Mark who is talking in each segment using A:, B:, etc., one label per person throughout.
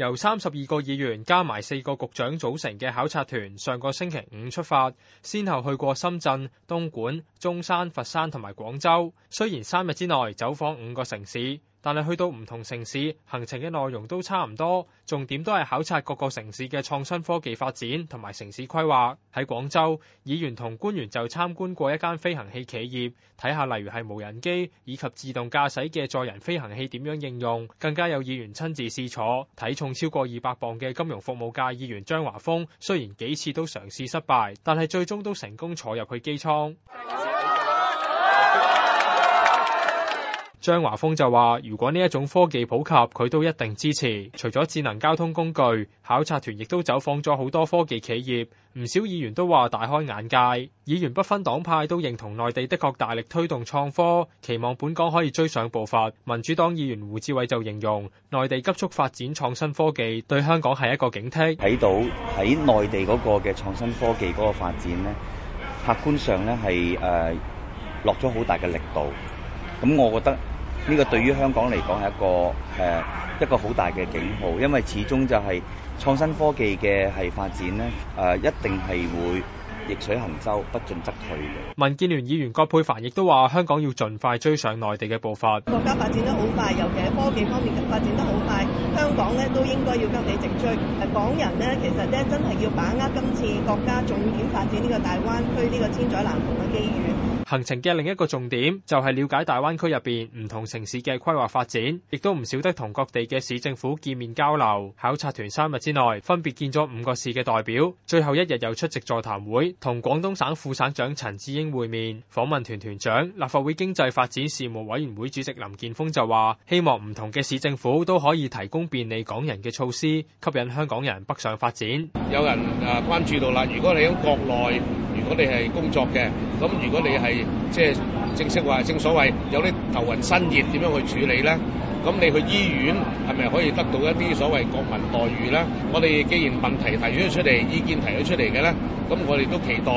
A: 由三十二個議員加埋四個局長組成嘅考察團，上個星期五出發，先後去過深圳、東莞、中山、佛山同埋廣州。雖然三日之內走訪五個城市。但係去到唔同城市，行程嘅內容都差唔多，重點都係考察各個城市嘅創新科技發展同埋城市規劃。喺廣州，議員同官員就參觀過一間飛行器企業，睇下例如係無人機以及自動駕駛嘅載人飛行器點樣應用。更加有議員親自試坐，體重超過二百磅嘅金融服務界議員張華峰，雖然幾次都嘗試失敗，但係最終都成功坐入去機艙。張華峰就話：如果呢一種科技普及，佢都一定支持。除咗智能交通工具，考察團亦都走訪咗好多科技企業。唔少議員都話大開眼界。議員不分黨派都認同內地的確大力推動創科，期望本港可以追上步伐。民主黨議員胡志偉就形容：內地急速發展創新科技，對香港係一個警惕。
B: 睇到喺內地嗰個嘅創新科技嗰個發展呢，客觀上呢係誒落咗好大嘅力度。咁我覺得。呢個對於香港嚟講係一個誒、呃、一個好大嘅警號。因為始終就係創新科技嘅係發展咧，誒、呃、一定係會。逆
A: 水行舟，不進則退。民建聯議員葛珮帆亦都話：香港要盡快追上內地嘅步伐。國
B: 家發展得好快，尤其係科技方面發展得好快，香港呢，都應該要急起直追。港人呢，其實呢真係要把握今次國家重點發展呢個大灣區呢個千載難逢嘅
A: 機遇。行程嘅另一個重點就係了解大灣區入邊唔同城市嘅規劃發展，亦都唔少得同各地嘅市政府見面交流。考察團三日之內分別見咗五個市嘅代表，最後一日又出席座談會。同廣東省副省長陳志英會面，訪問團團長、立法會經濟發展事務委員會主席林健鋒就話，希望唔同嘅市政府都可以提供便利港人嘅措施，吸引香港人北上發展。有人啊關注到啦，如果你喺國內，如果你係工作嘅，咁如果你係即係。就是正式話，正所謂有啲頭暈身熱，點樣去處理呢？咁你去醫院係咪可以得到一啲所謂國民待遇呢？我哋既然問題提咗出嚟，意見提咗出嚟嘅呢，咁我哋都期待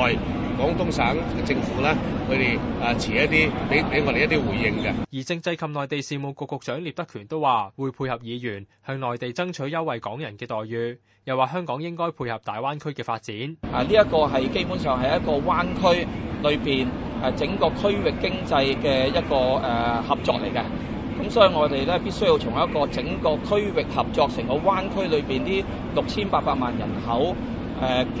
A: 廣東省嘅政府呢，佢哋啊遲一啲俾俾我哋一啲回應嘅。而政制及內地事務局局長聶德權都話會配合議員向內地爭取優惠港人嘅待遇，又話香港應該配合大灣區嘅發展。啊，呢一個係基本上係一個灣區裏邊。係整個區域經濟嘅一個誒、呃、
B: 合作嚟嘅，咁所以我哋咧必須要從一個整個區域合作成個灣區裏邊啲六千八百萬人口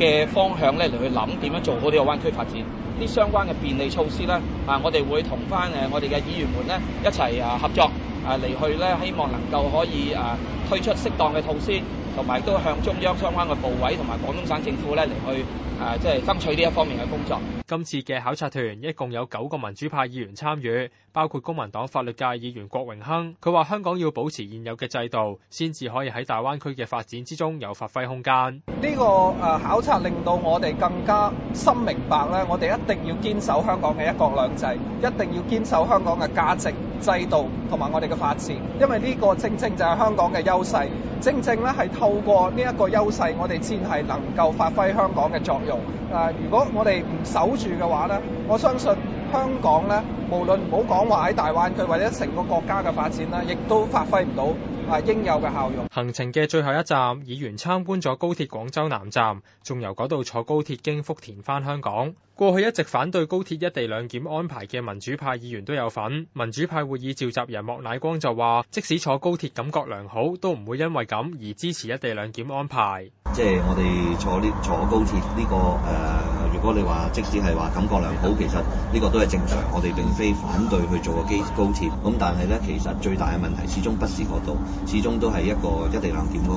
B: 誒嘅、呃、方向咧嚟去諗點樣做好呢個灣區發展，啲相關嘅便利措施咧，啊，我哋會同翻誒我哋嘅議員們咧一齊啊合作。啊，嚟去咧，希望能夠可以啊，推出適當嘅措施，
A: 同埋都向中央相關嘅部委同埋廣東省政府咧嚟去啊，即係爭取呢一方面嘅工作。今次嘅考察團一共有九個民主派議員參與，包括公民黨法律界議員郭榮鏗。佢話：香港要保持現有嘅制度，先至可以喺大灣區嘅發展之中有發揮空間。
B: 呢個啊考察令到我哋更加深明白咧，我哋一定要堅守香港嘅一國兩制，一定要堅守香港嘅價值。制度同埋我哋嘅發展，因為呢個正正就係香港嘅優勢。正正咧係透過呢一個優勢，我哋先係能夠發揮香港嘅作用。誒、呃，如果我哋唔守住嘅話呢，我相信香港呢，無論唔好講話喺大灣區或者成個國家嘅發展啦，亦都發揮唔到，係應有嘅效用。
A: 行程嘅最後一站，議員參觀咗高鐵廣州南站，仲由嗰度坐高鐵經福田返香港。過去一直反對高鐵一地兩檢安排嘅民主派議員都有份。民主派會議召集人莫乃光就話，即使坐高鐵感覺良好，都唔會因為咁而支持一地兩檢安排。
B: 即係我哋坐呢坐高鐵呢、呢個誒。Uh 如果你話即使係話感覺良好，其實呢個都係正常。我哋並非反對去做個高鐵，咁但係呢，其實最大嘅問題始終不是嗰度，始終都係一個一地兩檢嘅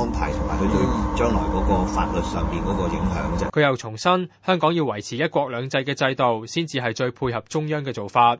B: 安排，同埋佢對將來嗰個法律上面嗰個影
A: 響啫。佢又重申，香港要維持一國兩制嘅制度，先至係最配合中央嘅做法。